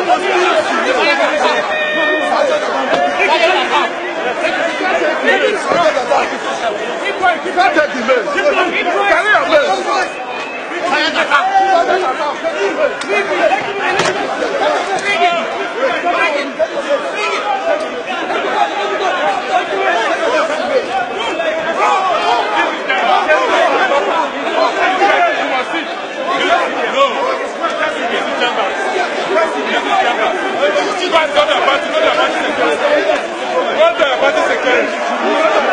Keep going, keep going. What the party security? What the party security?